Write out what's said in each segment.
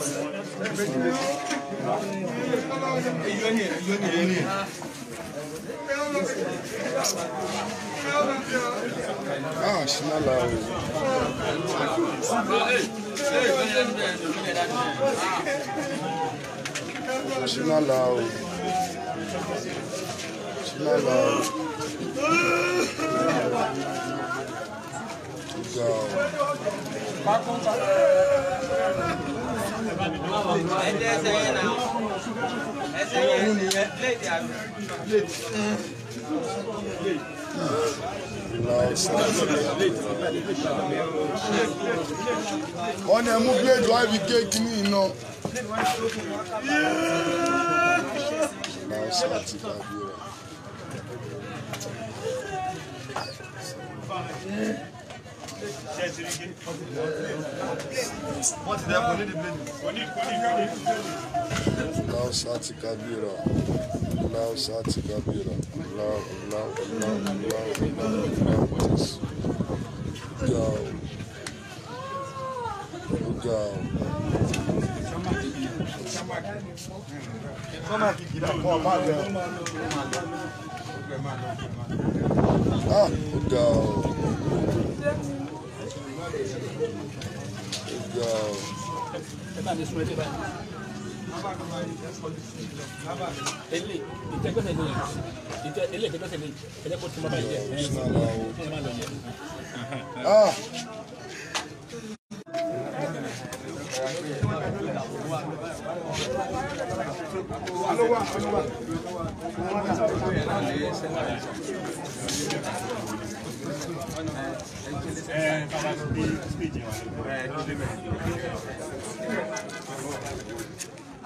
Ah, she not loud. She not loud. She not loud. Go ẹ̀jẹ̀ ẹsẹ̀ yẹn náà ẹsẹ̀ yẹn léèdì àná. wọ́n ní ẹmú bíléèdì wá fi kéèkì ní iná. Yeah wọ́n ti dẹ́kun ní ìdíbìlẹ́dì. láwù sáàtì kábírà láwù sáàtì kábírà láwù láwù láwù láwù láwù láwù tẹ̀sí. ga o ó ga o. sọ́mà kìkì náà kọ́ ọ máa lọ. ah ó ga o ele ìtẹgbẹsẹ ni ìtẹ ele ìtẹgbẹsẹ ni ẹjẹ kó tún bá bá yẹ ẹ ẹ má lọ yẹ. Alowa, alowa ẹ bàbá bí spíjì wọn ẹ lóde mẹ́rin.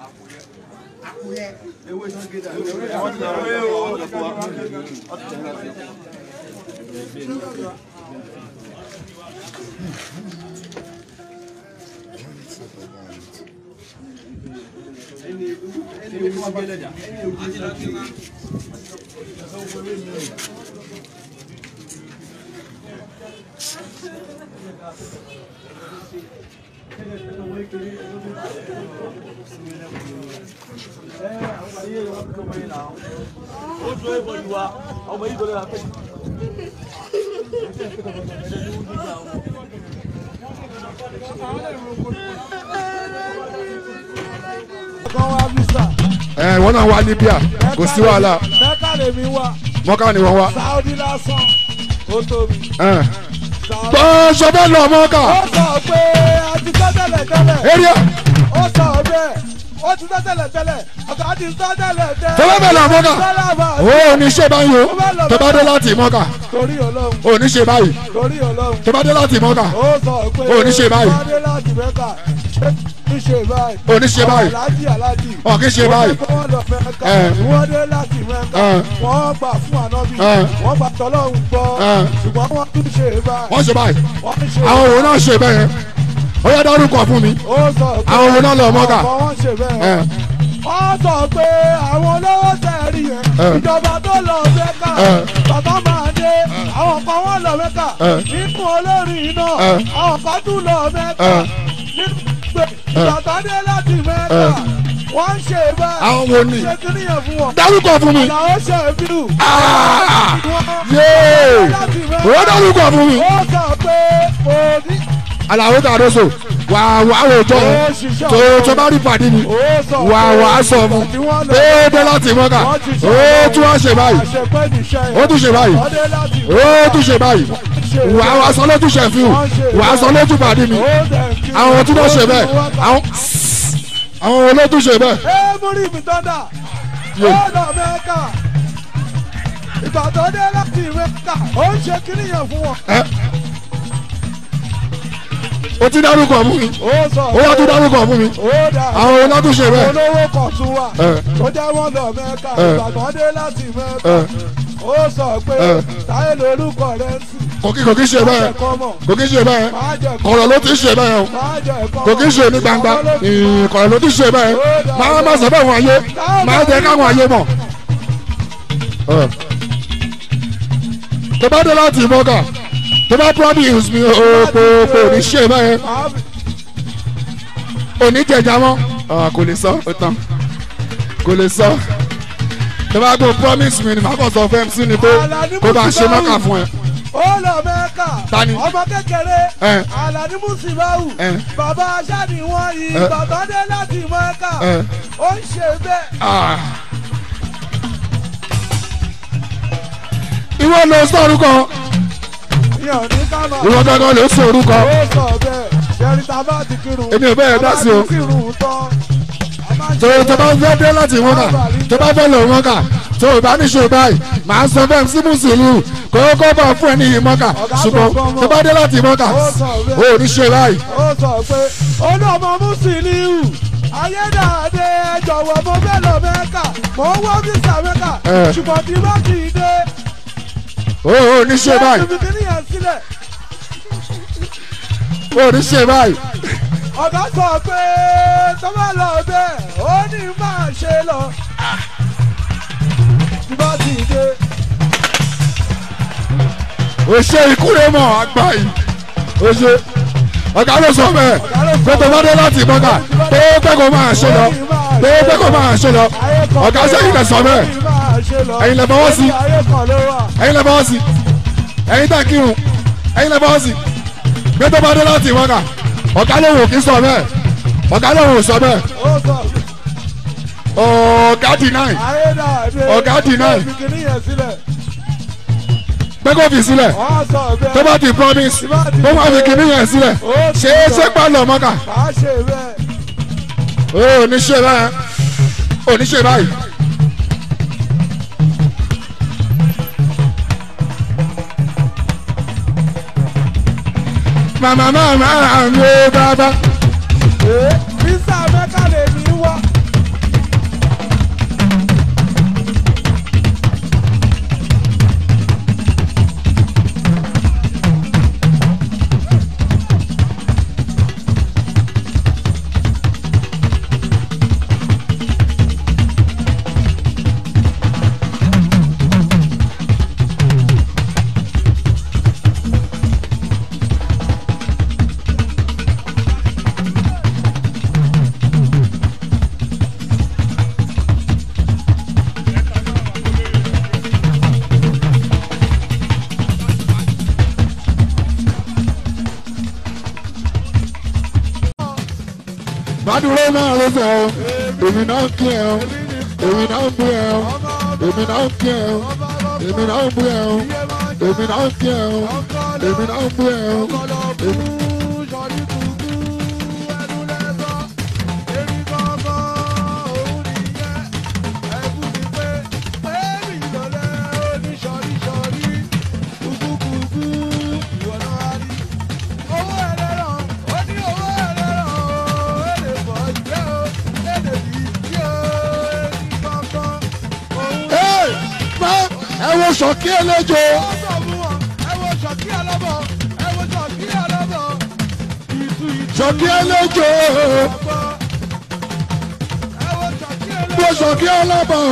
Àkúyẹ. Ewé tó ń gé dàrú. Ewé tó ń gé dàrú. Ọ̀dọ̀ fún wa. Ọ̀dọ̀ fún wa. Ẹni ewu ẹni ewu gbẹdẹdà ẹni ewu gbẹdẹdà ẹ wọn náà wá Libya kò sí wàhálà mọ́kà ni wọ́n wá. Saudi lásán ó tóbi aṣọ bẹ́ẹ̀ lọ ọmọ ọkà. ó sọ pé a ti sọ tẹ́lẹ̀ tẹ́lẹ̀. eré. ó sọ bẹ́ẹ̀ ó ti sọ tẹ́lẹ̀ tẹ́lẹ̀ ọ̀tọ̀ àti sọ tẹ́lẹ̀ tẹ́lẹ̀. tẹ́lẹ̀ bẹ́ẹ̀ lọ mọ́kà. ó ní ṣe báyìí o tó bá dé láti mọ́kà. torí Ọlọ́run. ó ní ṣe báyìí. torí Ọlọ́run. tó bá dé láti mọ́kà. ó sọ pé ó ní ṣe báyìí. tó bá dé láti mẹ́kà tún ṣe báyìí. o ní ṣe báyìí. aláàjì aláàjì. ọ̀ kí ṣe báyìí. wọ́n lọ fẹ́ ká wọ́n dé láti mẹ́ta. wọ́n gbà fún ànábì. wọ́n gbà tọ́lọ́hún gbọ́. ṣùgbọ́n wọ́n tún ṣe báyìí. wọ́n ṣe báyìí. àwọn òun náà ṣe bẹ́ẹ̀ ó yẹ dárúkọ fún mi. àwọn òun náà lọ mọ́gà. wọ́n sọ pé àwọn olówó tẹ̀rí yẹn ìjọba nínú olórin náà ọ̀kadùnlọ mẹ́ta nínú gbé ìgbàgbọ́dé láti mẹ́ta wọ́n ṣe báyìí àwọn wo ni dárúkọ fún mi àwọn ṣe bírù ah! yéé wọ́n dárúkọ fún mi. ó kà pé òní. Alao Cardoso wà wà àwòjọ tó tó bá rí pàdé mi wà wà sọ fún déédé láti mọ́kà ó tún ṣe báyìí ó tún ṣe báyìí ó tún ṣe báyìí wà á sọ lójú ṣẹ̀fíù wà á sọ lójú pàdé mi àwọn tí wọ́n ṣe bẹ́ẹ̀ àwọn olójú ṣe bẹ́ẹ̀. ẹ mú rí mi tọ́dà ọ̀dọ̀ mẹ́ka ìbàdàn dé láti mẹ́ka ó ń ṣe kíní yẹn fún wọn. o ti dárúkọ fún mi o wá tún dárúkọ fún mi àwọn olójú ṣe bẹ́ẹ̀. olówó kan tún wà ó jẹ́ wọ́n lọ mẹ́ka ìbàdàn dé láti mẹ́ka ó sọ pé táyé lórúkọ rẹ̀ ń sìn kòkí kòkí ṣe bẹ́ẹ̀ kòkí ṣe bẹ́ẹ̀ kọ̀rọ̀ ló ti ṣe bẹ́ẹ̀ o kòkí ṣe ní gbangba kọ̀rọ̀ ló ti ṣe bẹ́ẹ̀ máa má sọ bẹ́ẹ̀ wọ́n ayé máa jẹ́ káwọn ayé mọ̀. tó bá dé láti mọ́gà tó bá promise mi òpòpò ní ṣe bẹ́ẹ̀ òní jẹjà mọ́ kò lè sọ ó tán kò lè sọ tó bá gbọ́ promise mi ni màá kàn sọ fẹ́ mi sí ni pé kó bá ṣe mọ́kà fún ẹ ó lọ mẹ́ka ọmọ kékeré alani musibawu bàbá aṣáàdì wọn yìí Baba dé láti mẹ́ka ó ń ṣe bẹ́ẹ̀. ìwọ ló sọ orúkọ ìwọ gangan ló sọ orúkọ èmi ò bẹ́ẹ̀ dá sí o tòun tó bá fẹ́ dé láti wọn kà tó bá fẹ́ lọ wọn kà tó o bá ní ṣe báyìí màá san fẹ́m sí mùsùlùmí kókó bọ̀ fún ẹ ní ìmọ̀ọ́kà ṣùgbọ́n tó bá dé láti ìmọ̀ọ́kà o ní ṣe báyìí. ó sọ pé ó ní ọmọ mùsùlùmí ayédáadé jọ̀wọ́ mo fẹ́ lọ mẹ́ka mo ń wọ́n fi sàmẹ́ka ṣùgbọ́n tí má kì í dé. o ò ní ṣe báyìí. o ò ní ṣe báyìí ọ̀gá sọ pé tọ́wọ́ lọ bẹ́ẹ̀ ó ní máa ṣe lọ òṣè ìkúrèmọ̀ àgbà yìí òṣè ọ̀gá ló sọ bẹ́ẹ̀ pé tó bá dé láti mọ́ta pé ó pẹ́ kó máa ṣe lọ pé ó pẹ́ kó máa ṣe lọ ọ̀gá sẹ́yìn lẹ̀ sọ bẹ́ẹ̀ ẹ̀yin lẹ̀ bọ́wọ́ sí ẹ̀yin lẹ̀ bọ́wọ́ sí ẹ̀yin tá kírun ẹ̀yin lẹ̀ bọ́wọ́ sí pé tó bá dé láti mọ́ta ọ̀gá ló wò kí sọ bẹ́ẹ̀ ọ̀gá ló wò sọ bẹ́ẹ̀ ọ̀gá deny ọ̀gá deny gbẹ́kọ̀ fi sílẹ̀ tó bá ti promise tó bá fi kìíní yẹn sílẹ̀ ṣe é ṣe pàlọ́ mọ́kà oníṣe báyìí oníṣe báyìí. màmá màmá àwọn bàbá. Adúró náà ló sọ ọ́, èmi náà ń kí ẹ ọ́, èmi náà ń bú ẹ ọ́, èmi náà ń kí ẹ ọ́, èmi náà ń bú ẹ ọ́, èmi náà ń kí ẹ ọ́, èmi náà ń bú ẹ ọ́. ṣọ̀kí eléjo. ṣọ̀kí eléjo. mo ṣọ̀kí alábọ̀.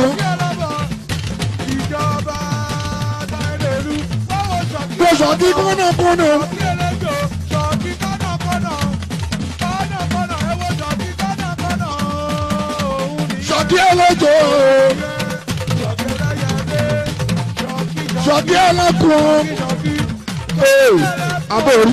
mo ṣọ̀kí kọ́nàkọ́nà. ṣọ̀kí eléjo ṣọ́kí ẹlẹ́kùn ee abóorí. abóorí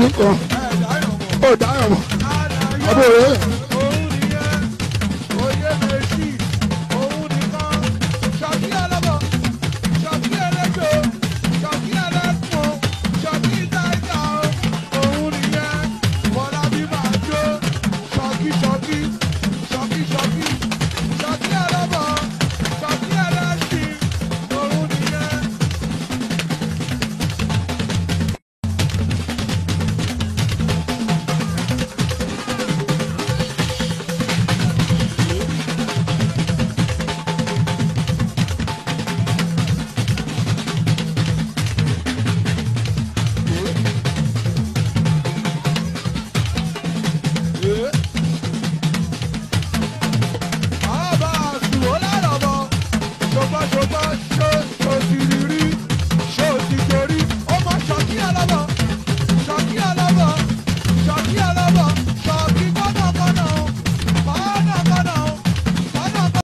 abóorí kan ó dáhùn abóorí.